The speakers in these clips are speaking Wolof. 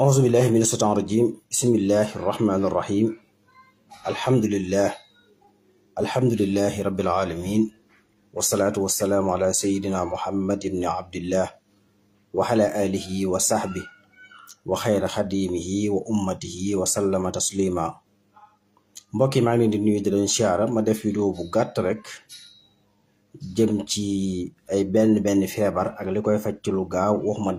auzu billahi min bismillahi arrahmani irrahim alhamdulilah alhamdulilahi rabbil alamin wasalaatu wasalaamu ala sayidina muhammad ibni abdillah wa alihi wa sahbi wa xayra xadimihi wa ummatihi wa sallama taslima mbokk yi maa ngi leen ma def vidéo bu gàtt rek jëm ay benn benn feebar ak li faj ci lu gaaw waxuma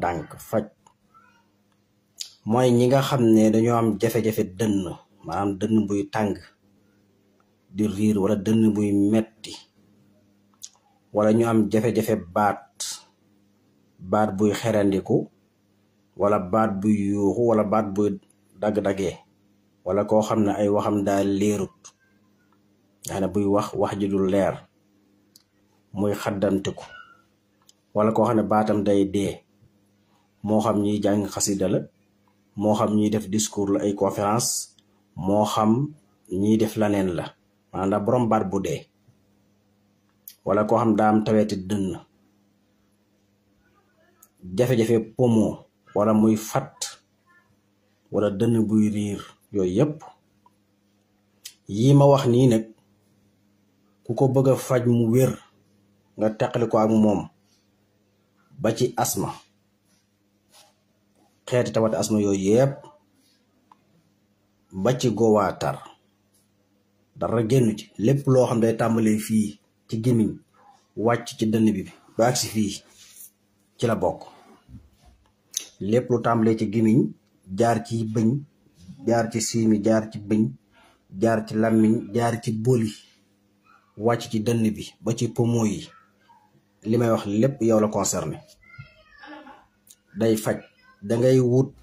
mooy ñi nga xam ne dañoo am jafe-jafe dënn maanaam dënn buy tàng di riir wala dënn buy metti wala ñu am jafe-jafe baat baat buy xerandiku wala baat buy yuuxu wala baat buy dagg-daggee wala koo xam ne ay waxam daal leerut nga xam ne buy wax wax ji du leer muy xaddantiku wala ko xam ne baatam day dee moo xam ñiy jàng xasida la moo xam ñiy def discours la ay conférence moo xam ñiy def laneen la maanaam ndax baat bu dee wala koo xam daa am taweti dënn jafe-jafe pomo wala muy fat wala dënn buy riir yooyu yépp yii ma wax nii nag ku ko bëgg a faj mu wér nga teqali ko ak moom ba ci asma xeeti tawati asma yooyu yépp ba ci goowaatar dara génn ci lépp loo xam day tàmbalee fii ci gémmiñ wàcc ci dënn bi ba agsi fii ci la bokk lépp lu tàmbalee ci gémmiñ jaar ci bëñ jaar ci siimi jaar ci bëñ jaar ci làmmiñ jaar ci boli wàcc ci dënn bi ba ci poumon yi li may wax lépp yow la concerné day faj dangay wut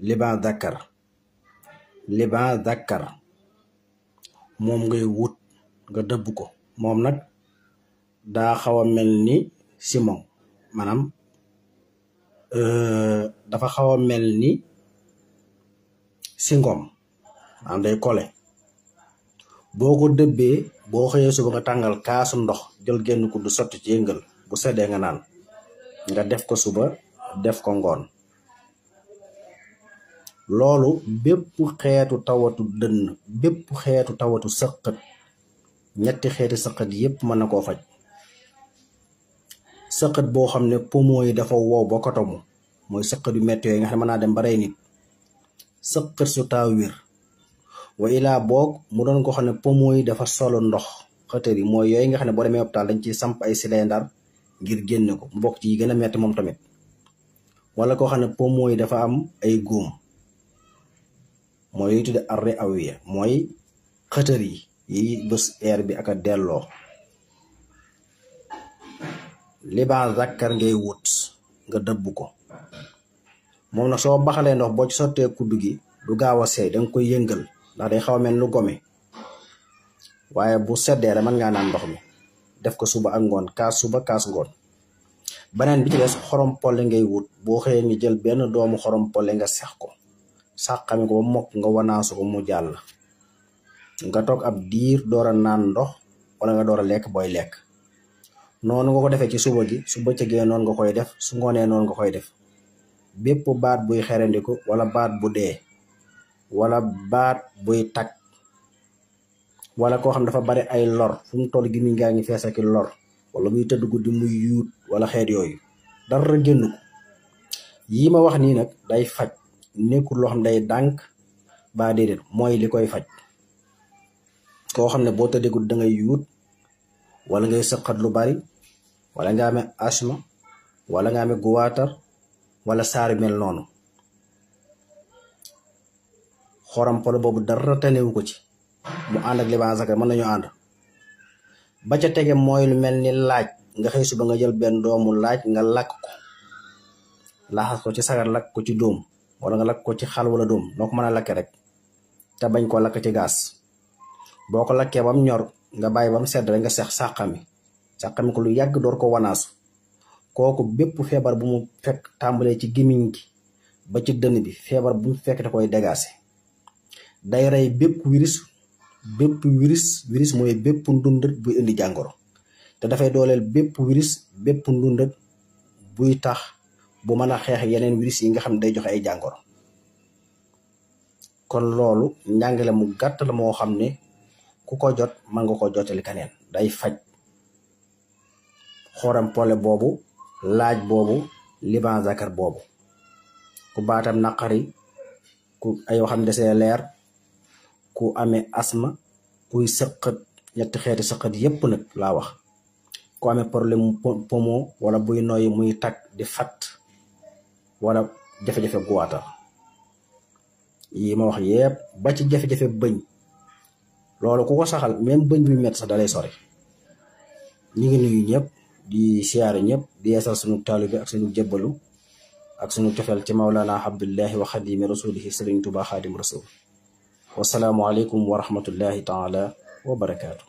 liban dakar liban dakkar moom ngay wut nga dëbb ko moom nag daa xaw a mel ni simon maanaam euh, dafa xaw a mel ni singom day kole boo ko dëbbee boo xëyee suba nga tàngal kaasu ndox jël genn ku du sotti ci yëngal bu seddee nga naan nga def ko suba def ko ngoon loolu bépp xeetu tawatu dënn bépp xeetu tawatu sëqët ñetti xeeti sëqët yépp mën na koo faj sëqët boo xam ne poumon yi dafa wow ba kotomu mooy sëqët yu metti yooyu nga xam ne dem ba rey nit sëqët su taawir wa ilaa boog mu doon ko xam ne poumon yi dafa solo ndox xëtër yi mooy yooyu nga xam ne boo demee hôpital dañ ci samp ay silendar ngir génne ko mu bokk ci yi gën a metti moom tamit wala koo xam ne poumon yi dafa am ay góom mooy li tudde arre awiya mooy xëtër yi yi bés air bi ak a delloo libaa zakkar ngay wut nga dëbb ko moom na soo baxalee ndox boo ci sottee kudd gi du gaaw a seey danga koy yëngal ndax day xaw a mel lu gome waaye bu seddee rek mën ngaa naan ndox mi def ko suba ak ngoon kaas suba kaas ngoon beneen bi ci des xorom polle ngay wut boo xëyee ngi jël benn doomu xorom polle nga sex ko sàqami ko ba mokk nga wanaasu ko mu jàll nga toog ab diir door a naan ndox wala nga door a lekk booy lekk noonu nga ko defee ci suba gi su bëccëgee noonu nga koy def su ngoonee noonu nga koy def bépp baat buy xerandiku walla baat bu dee wala baat buy tag wala koo xam dafa bari ay lor fu toll gi mi ngaa ngi fees ak lor wala muy tëdd guddi muy yuut wala xeet yooyu dara génn yii ma wax nii nag day faj nekkul loo xam ne day dànk ba déedéet mooy li koy faj koo xam ne boo tëddee guddi da ngay yuut wala ngay sëqat lu bari wala nga amee asma wala nga amee guwaatar wala saar mel noonu xorampol boobu dara tanewu ko ci mu ànd ak liban zaka mën nañu ànd ba ca tege mooy lu mel ni laaj nga xëy suba nga jël benn doomu laaj nga lakk ko laaxas ko ci sagar lakk ko ci dóom wala nga lak ko ci xal wala dom noko meuna lakke rek ta bañ ko lakk ci gas boko lakke bam ñor nga kami, bam sedd rek nga xex saxami saxami ko lu yàgg dor ko wanaasu koku bepp febar bu mu fek tambale ci gemiñ gi ba ci dënn bi febar bu mu fek da koy dégasser day ray bepp virus bepp virus virus moy bepp ndundët bu indi jangoro te fay dolel bepp virus bepp ndundët buy tax bu mën a xeex yeneen virus yi nga xam ne day joxe ay jàngoro kon loolu njàngale mu gàtt la moo xam ne ku ko jot mën nga ko jotali keneen day faj xooram pole boobu laaj boobu liban zakar boobu ku baatam naqari ku ay waxam desee leer ku amee asma kuy sëqat ñetti xeeti sëqat yépp nag laa wax ku amee problème poumon wala buy noyyi muy tag di fat wala jafe-jafe guwaatar yi ma wax yépp ba ci jafe-jafe bëñ loolu ku ko saxal même bëñ bi mett sax dalay sori ñu ngi nuyu ñëpp di siyaare ñëpp di yeesal sunu taalibe ak sunu jébbalu ak sunu cofeel ci mawlana abdullahi wa xadimi rasulihi sëriñ tuba xaadim rasul wasalaamualeykum wa rahmatullahi taala wa barakaatu